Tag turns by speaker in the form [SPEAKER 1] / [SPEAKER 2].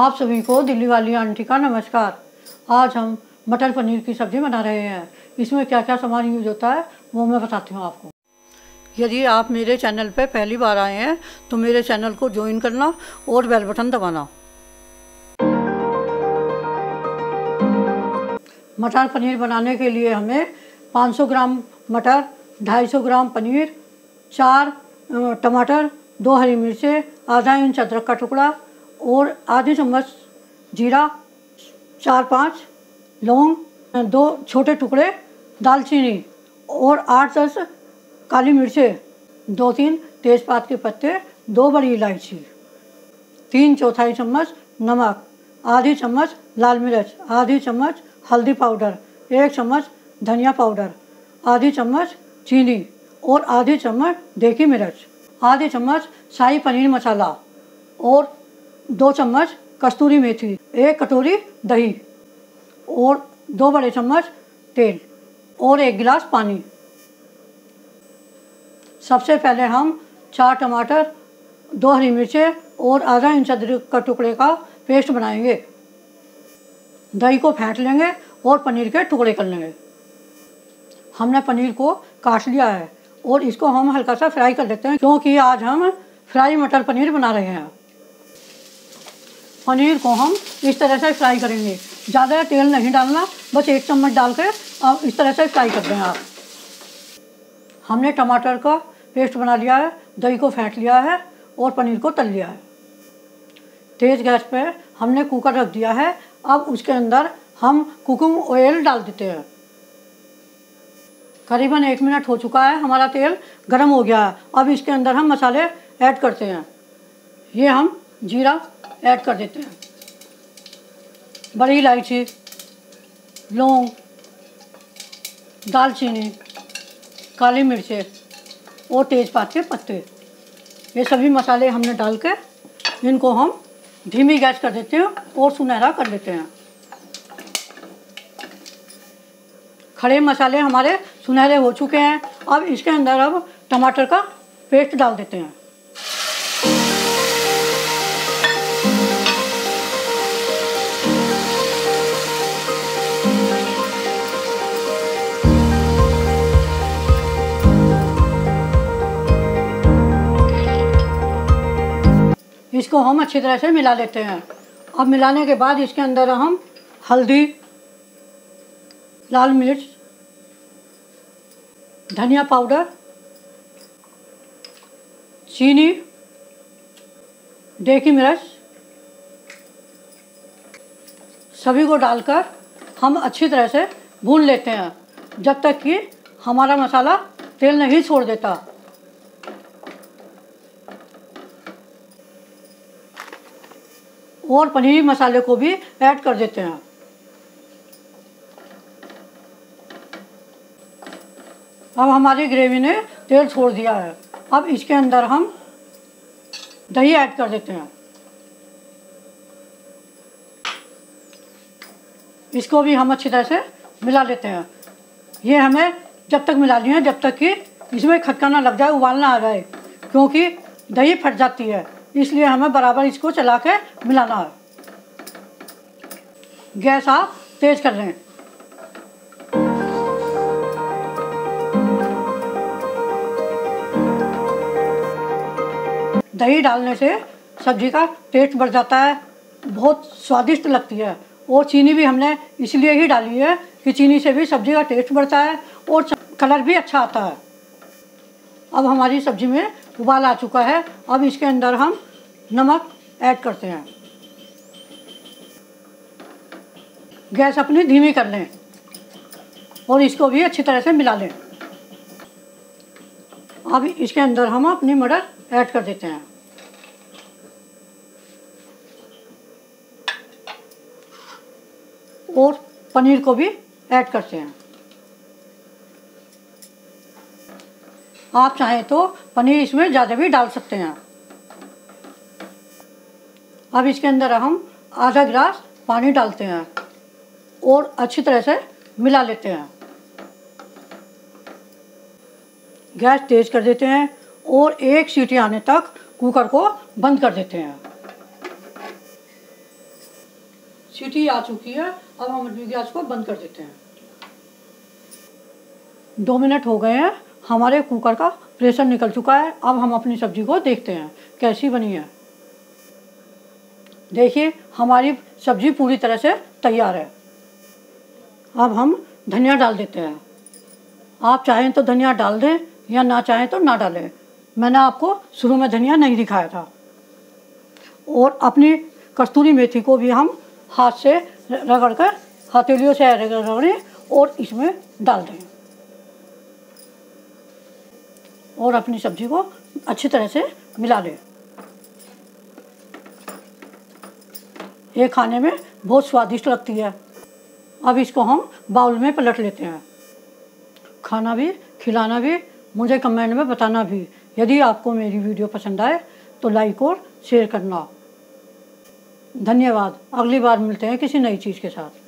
[SPEAKER 1] आप सभी को दिल्ली वाली आंटी का नमस्कार आज हम मटर पनीर की सब्ज़ी बना रहे हैं इसमें क्या क्या सामान यूज होता है वो मैं बताती हूँ आपको यदि आप मेरे चैनल पर पहली बार आए हैं तो मेरे चैनल को ज्वाइन करना और बेल बटन दबाना मटर पनीर बनाने के लिए हमें 500 ग्राम मटर 250 ग्राम पनीर चार टमाटर दो हरी मिर्चें आधा इंच अदरक का टुकड़ा और आधे चम्मच जीरा चार पाँच लौंग दो छोटे टुकड़े दालचीनी और आठ दस काली मिर्चें दो तीन तेज़पात के पत्ते दो बड़ी इलायची तीन चौथाई चम्मच नमक आधी चम्मच लाल मिर्च आधी चम्मच हल्दी पाउडर एक चम्मच धनिया पाउडर आधी चम्मच चीनी और आधी चम्मच देखी मिर्च आधी चम्मच शाही पनीर मसाला और दो चम्मच कस्तूरी मेथी एक कटोरी दही और दो बड़े चम्मच तेल और एक गिलास पानी सबसे पहले हम चार टमाटर दो हरी मिर्चें और आधा इंच अदरक का टुकड़े का पेस्ट बनाएंगे दही को फेंट लेंगे और पनीर के टुकड़े कर लेंगे हमने पनीर को काट लिया है और इसको हम हल्का सा फ्राई कर लेते हैं क्योंकि आज हम फ्राई मटर पनीर बना रहे हैं पनीर को हम इस तरह से फ्राई करेंगे ज़्यादा तेल नहीं डालना बस एक चम्मच डाल के और इस तरह से फ्राई कर दें आप हमने टमाटर का पेस्ट बना लिया है दही को फेंट लिया है और पनीर को तल लिया है तेज़ गैस पे हमने कुकर रख दिया है अब उसके अंदर हम कुकिंग ऑयल डाल देते हैं करीबन एक मिनट हो चुका है हमारा तेल गर्म हो गया है अब इसके अंदर हम मसाले ऐड करते हैं ये हम जीरा ऐड कर देते हैं बड़ी इलायची लौंग दालचीनी काली मिर्चें और तेज़पात के पत्ते ये सभी मसाले हमने डाल के इनको हम धीमी गैस कर देते हैं और सुनहरा कर देते हैं खड़े मसाले हमारे सुनहरे हो चुके हैं अब इसके अंदर अब टमाटर का पेस्ट डाल देते हैं इसको हम अच्छी तरह से मिला लेते हैं अब मिलाने के बाद इसके अंदर हम हल्दी लाल मिर्च धनिया पाउडर चीनी देखी मिर्च सभी को डालकर हम अच्छी तरह से भून लेते हैं जब तक कि हमारा मसाला तेल नहीं छोड़ देता और पनीर मसाले को भी ऐड कर देते हैं अब हमारी ग्रेवी ने तेल छोड़ दिया है अब इसके अंदर हम दही ऐड कर देते हैं इसको भी हम अच्छी तरह से मिला लेते हैं ये हमें जब तक मिला है जब तक कि इसमें खटका ना लग जाए उबालना आ जाए क्योंकि दही फट जाती है इसलिए हमें बराबर इसको चला के मिलाना है गैस आप तेज कर रहे हैं दही डालने से सब्जी का टेस्ट बढ़ जाता है बहुत स्वादिष्ट लगती है और चीनी भी हमने इसलिए ही डाली है कि चीनी से भी सब्जी का टेस्ट बढ़ता है और कलर भी अच्छा आता है अब हमारी सब्जी में उबाल आ चुका है अब इसके अंदर हम नमक ऐड करते हैं गैस अपनी धीमी कर लें और इसको भी अच्छी तरह से मिला लें अब इसके अंदर हम अपनी मटर ऐड कर देते हैं और पनीर को भी ऐड करते हैं आप चाहें तो पनीर इसमें ज़्यादा भी डाल सकते हैं अब इसके अंदर हम आधा गिलास पानी डालते हैं और अच्छी तरह से मिला लेते हैं गैस तेज कर देते हैं और एक सीटी आने तक कुकर को बंद कर देते हैं सीटी आ चुकी है अब हम गैस को बंद कर देते हैं दो मिनट हो गए हैं हमारे कुकर का प्रेशर निकल चुका है अब हम अपनी सब्जी को देखते हैं कैसी बनी है देखिए हमारी सब्जी पूरी तरह से तैयार है अब हम धनिया डाल देते हैं आप चाहें तो धनिया डाल दें या ना चाहें तो ना डालें मैंने आपको शुरू में धनिया नहीं दिखाया था और अपनी कस्तूरी मेथी को भी हम हाथ से रगड़ कर हथेलियों से रगड़ रगड़ें और इसमें डाल दें और अपनी सब्जी को अच्छी तरह से मिला लें ये खाने में बहुत स्वादिष्ट लगती है अब इसको हम बाउल में पलट लेते हैं खाना भी खिलाना भी मुझे कमेंट में बताना भी यदि आपको मेरी वीडियो पसंद आए तो लाइक और शेयर करना धन्यवाद अगली बार मिलते हैं किसी नई चीज़ के साथ